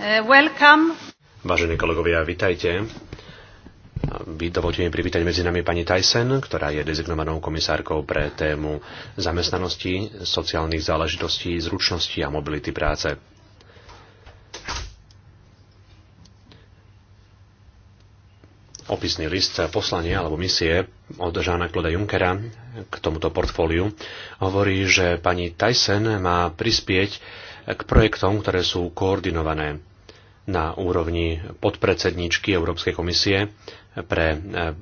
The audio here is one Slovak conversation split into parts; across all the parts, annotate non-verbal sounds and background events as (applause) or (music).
Eh, welcome. Vážení kolegovia, vitajte. Dovolte mi privítať medzi nami pani Tyson, ktorá je dezignovanou komisárkou pre tému zamestnanosti, sociálnych záležitostí, zručnosti a mobility práce. opisný list poslania alebo misie od Žána Kloda Junckera k tomuto portfóliu hovorí, že pani Tyson má prispieť k projektom, ktoré sú koordinované na úrovni podpredsedníčky Európskej komisie pre eh,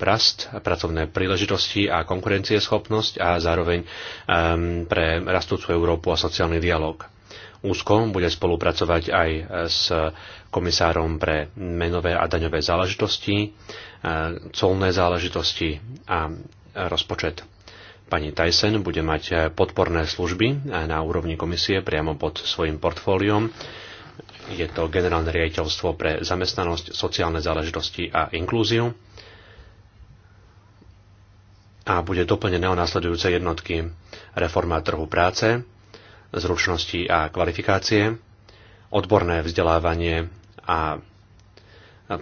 rast, pracovné príležitosti a konkurencieschopnosť a zároveň ehm, pre rastúcu Európu a sociálny dialog úzko bude spolupracovať aj e, s komisárom pre menové a daňové záležitosti, e, colné záležitosti a rozpočet. Pani Tyson bude mať e, podporné služby na úrovni komisie priamo pod svojim portfóliom. Je to generálne riaditeľstvo pre zamestnanosť, sociálne záležitosti a inklúziu. A bude doplnené o následujúce jednotky reforma trhu práce, zručnosti a kvalifikácie, odborné vzdelávanie a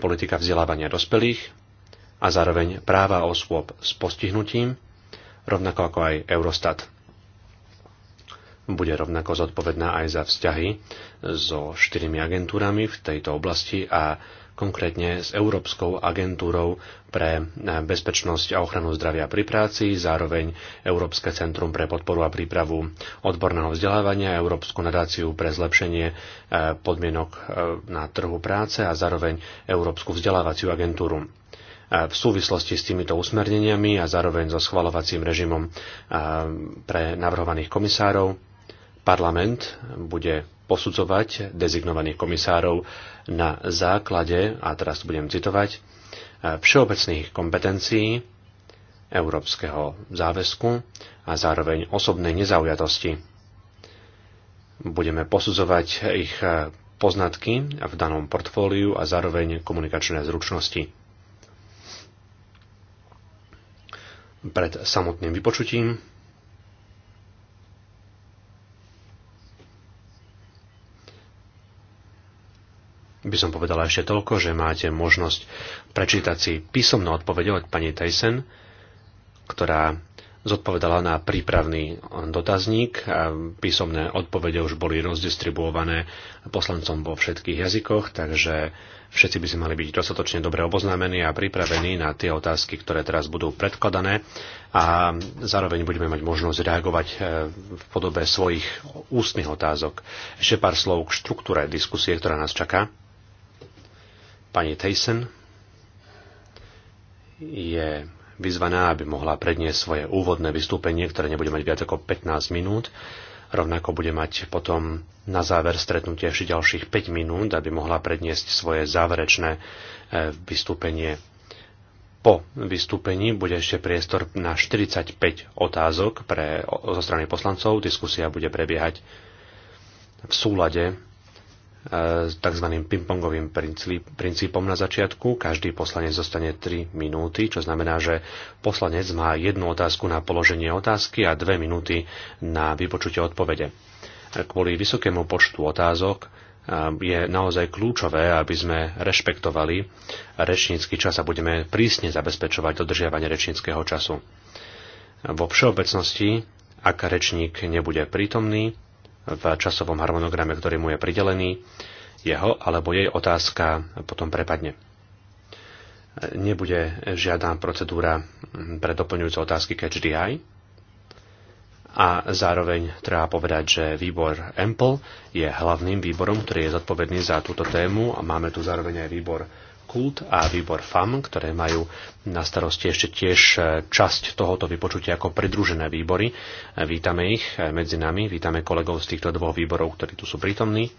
politika vzdelávania dospelých a zároveň práva osôb s postihnutím, rovnako ako aj Eurostat. Bude rovnako zodpovedná aj za vzťahy so štyrmi agentúrami v tejto oblasti a konkrétne s Európskou agentúrou pre eh, bezpečnosť a ochranu zdravia pri práci, zároveň Európske centrum pre podporu a prípravu odborného vzdelávania, Európsku nadáciu pre zlepšenie eh, podmienok eh, na trhu práce a zároveň Európsku vzdelávaciu agentúru v súvislosti s týmito usmerneniami a zároveň so schvalovacím režimom pre navrhovaných komisárov Parlament bude posudzovať dezignovaných komisárov na základe, a teraz tu budem citovať, e, všeobecných kompetencií, európskeho záväzku a zároveň osobnej nezaujatosti. Budeme posudzovať ich e, poznatky v danom portfóliu a zároveň komunikačné zručnosti. Pred samotným vypočutím by som povedala ešte toľko, že máte možnosť prečítať si písomnú odpoveď od pani Tyson, ktorá zodpovedala na prípravný dotazník. Písomné odpovede už boli rozdistribuované poslancom vo všetkých jazykoch, takže všetci by si mali byť dostatočne dobre oboznámení a pripravení na tie otázky, ktoré teraz budú predkladané a zároveň budeme mať možnosť reagovať e, v podobe svojich ústnych otázok. Ešte pár slov k štruktúre diskusie, ktorá nás čaká. Pani Tyson je vyzvaná, aby mohla predniesť svoje úvodné vystúpenie, ktoré nebude mať viac ako 15 minút. Rovnako bude mať potom na záver stretnutie ešte ďalších 5 minút, aby mohla predniesť svoje záverečné e, vystúpenie. Po vystúpení bude ešte priestor na 45 otázok pre, zo strany poslancov. Diskusia bude prebiehať v súlade tzv. pingpongovým princípom na začiatku. Každý poslanec zostane 3 minúty, čo znamená, že poslanec má jednu otázku na položenie otázky a 2 minúty na vypočutie odpovede. Kvôli vysokému počtu otázok je naozaj kľúčové, aby sme rešpektovali rečnícky čas a budeme prísne zabezpečovať dodržiavanie rečníckého času. Vo všeobecnosti, ak rečník nebude prítomný, v časovom harmonograme, ktorý mu je pridelený, jeho alebo jej otázka potom prepadne. Nebude žiadna procedúra pre doplňujúce otázky catch A zároveň treba povedať, že výbor EMPL je hlavným výborom, ktorý je zodpovedný za túto tému a máme tu zároveň aj výbor Kult a výbor FAM, ktoré majú na starosti ešte tiež e, časť tohoto vypočutia ako pridružené výbory. E, vítame ich e, medzi nami, vítame kolegov z týchto dvoch výborov, ktorí tu sú prítomní.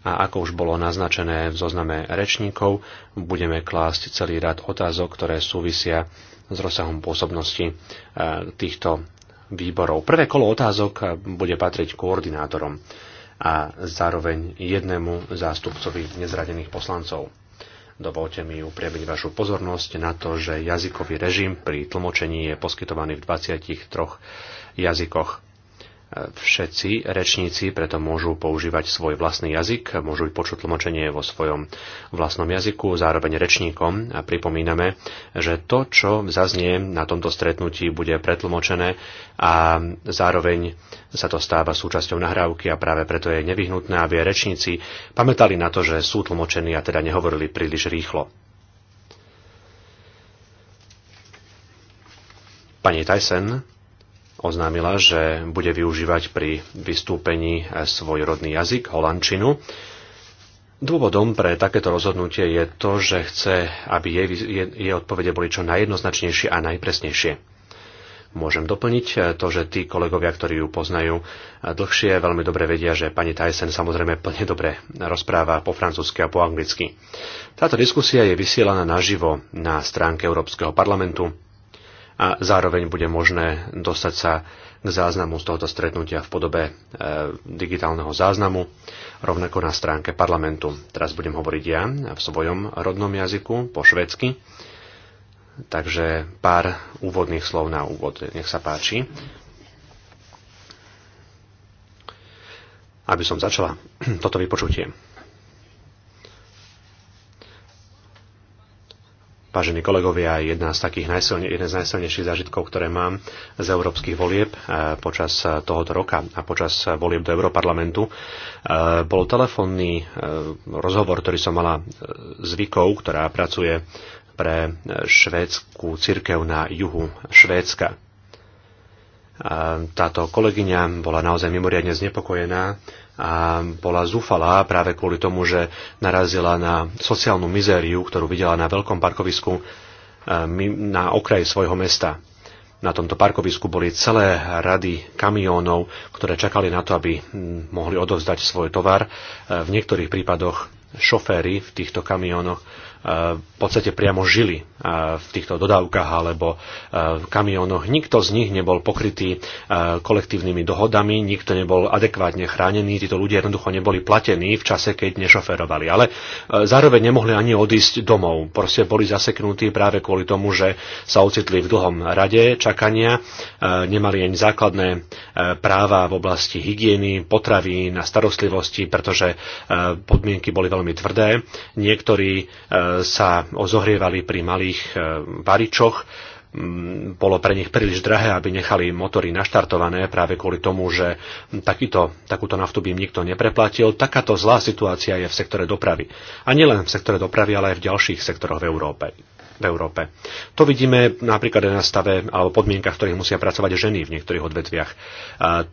A ako už bolo naznačené v zozname rečníkov, budeme klásť celý rad otázok, ktoré súvisia s rozsahom pôsobnosti týchto výborov. Prvé kolo otázok bude patriť koordinátorom a zároveň jednému zástupcovi nezradených poslancov. Dovolte mi upriamiť vašu pozornosť na to, že jazykový režim pri tlmočení je poskytovaný v 23 jazykoch všetci rečníci preto môžu používať svoj vlastný jazyk, môžu počuť tlmočenie vo svojom vlastnom jazyku. Zároveň rečníkom a pripomíname, že to, čo zaznie na tomto stretnutí, bude pretlmočené a zároveň sa to stáva súčasťou nahrávky a práve preto je nevyhnutné, aby rečníci pamätali na to, že sú tlmočení a teda nehovorili príliš rýchlo. Pani Tyson, oznámila, že bude využívať pri vystúpení eh, svoj rodný jazyk, holandčinu. Dôvodom pre takéto rozhodnutie je to, že chce, aby jej, jej odpovede boli čo najjednoznačnejšie a najpresnejšie. Môžem doplniť eh, to, že tí kolegovia, ktorí ju poznajú eh, dlhšie, veľmi dobre vedia, že pani Tyson samozrejme plne dobre rozpráva po francúzsky a po anglicky. Táto diskusia je vysielaná naživo na stránke Európskeho parlamentu a zároveň bude možné dostať sa k záznamu z tohoto stretnutia v podobe e, digitálneho záznamu, rovnako na stránke parlamentu. Teraz budem hovoriť ja v svojom rodnom jazyku, po švedsky, takže pár úvodných slov na úvod, nech sa páči. Aby som začala (clears throat) toto vypočutie. Vážení kolegovia, jedna z takých najsilne, jeden z najsilnejších zážitkov, ktoré mám z európskych volieb e, počas e, tohoto roka a počas e, volieb do Európarlamentu, bol telefónny rozhovor, ktorý som mala s Vikou, ktorá pracuje pre švédsku církev na juhu Švédska. Táto kolegyňa bola naozaj mimoriadne znepokojená a bola zúfalá práve kvôli tomu, že narazila na sociálnu mizériu, ktorú videla na veľkom parkovisku e, na okraji svojho mesta. Na tomto parkovisku boli celé rady kamiónov, ktoré čakali na to, aby mohli odovzdať svoj tovar. E, v niektorých prípadoch šoféry v týchto kamiónoch v podstate priamo žili v týchto dodávkach alebo v kamionoch. Nikto z nich nebol pokrytý kolektívnymi dohodami, nikto nebol adekvátne chránený, títo ľudia jednoducho neboli platení v čase, keď nešoferovali. Ale zároveň nemohli ani odísť domov. Proste boli zaseknutí práve kvôli tomu, že sa ocitli v dlhom rade čakania, nemali ani základné práva v oblasti hygieny, potravy a starostlivosti, pretože podmienky boli veľmi tvrdé. Niektorí sa ozohrievali pri malých e, varičoch, mm, bolo pre nich príliš drahé, aby nechali motory naštartované práve kvôli tomu, že takýto, takúto naftu by im nikto nepreplatil. Takáto zlá situácia je v sektore dopravy. A nielen v sektore dopravy, ale aj v ďalších sektoroch v Európe v Európe. To vidíme napríklad na stave alebo podmienkach, v ktorých musia pracovať ženy v niektorých odvetviach.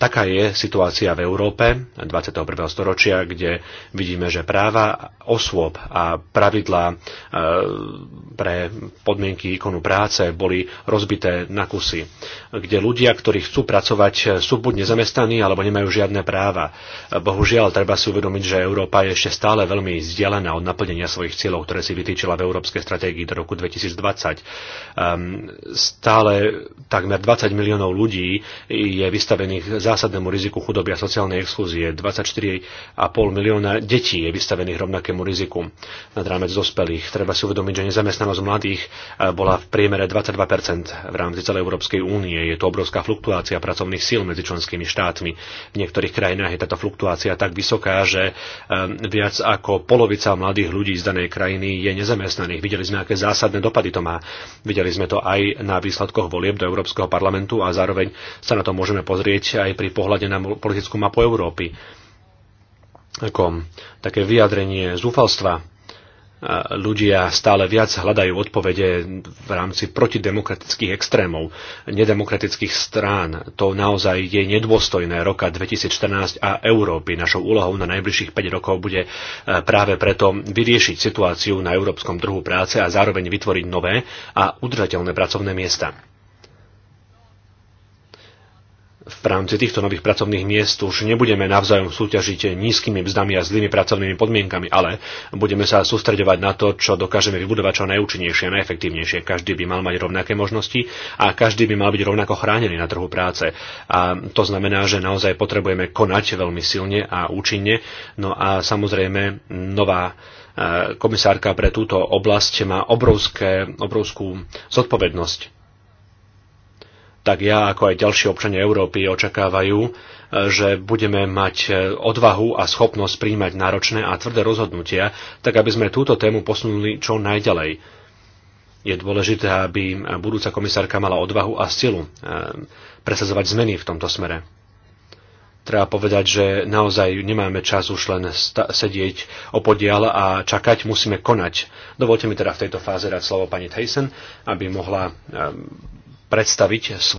Taká je situácia v Európe 21. storočia, kde vidíme, že práva osôb a pravidlá pre podmienky výkonu práce boli rozbité na kusy, kde ľudia, ktorí chcú pracovať, sú buď nezamestnaní alebo nemajú žiadne práva. Bohužiaľ, treba si uvedomiť, že Európa je ešte stále veľmi vzdialená od naplnenia svojich cieľov, ktoré si vytýčila v Európskej stratégii do roku 2020. Ehm, stále takmer 20 miliónov ľudí je vystavených zásadnému riziku chudoby a sociálnej exkluzie. 24,5 milióna detí je vystavených rovnakému riziku nad rámec dospelých. Treba si uvedomiť, že nezamestnaní nezamestnanosť mladých e, bola v priemere 22 v rámci celej Európskej únie. Je to obrovská fluktuácia pracovných síl medzi členskými štátmi. V niektorých krajinách je táto fluktuácia tak vysoká, že e, viac ako polovica mladých ľudí z danej krajiny je nezamestnaných. Videli sme, aké zásadné dopady to má. Videli sme to aj na výsledkoch volieb do Európskeho parlamentu a zároveň sa na to môžeme pozrieť aj pri pohľade na politickú mapu Európy ako také vyjadrenie zúfalstva ľudia stále viac hľadajú odpovede v rámci protidemokratických extrémov, nedemokratických strán. To naozaj je nedôstojné roka 2014 a Európy. Našou úlohou na najbližších 5 rokov bude e, práve preto vyriešiť situáciu na európskom trhu práce a zároveň vytvoriť nové a udržateľné pracovné miesta v rámci týchto nových pracovných miest už nebudeme navzájom súťažiť nízkymi mzdami a zlými pracovnými podmienkami, ale budeme sa sústreďovať na to, čo dokážeme vybudovať čo najúčinnejšie a najefektívnejšie. Každý by mal mať rovnaké možnosti a každý by mal byť rovnako chránený na trhu práce. A to znamená, že naozaj potrebujeme konať veľmi silne a účinne. No a samozrejme nová e, komisárka pre túto oblasť má obrovské, obrovskú zodpovednosť tak ja ako aj ďalší občania Európy očakávajú, e, že budeme mať e, odvahu a schopnosť príjmať náročné a tvrdé rozhodnutia, tak aby sme túto tému posunuli čo najďalej. Je dôležité, aby budúca komisárka mala odvahu a silu e, presazovať zmeny v tomto smere treba povedať, že naozaj nemáme čas už len sedieť podiel a čakať, musíme konať. Dovolte mi teda v tejto fáze dať slovo pani Tyson, aby mohla um, predstaviť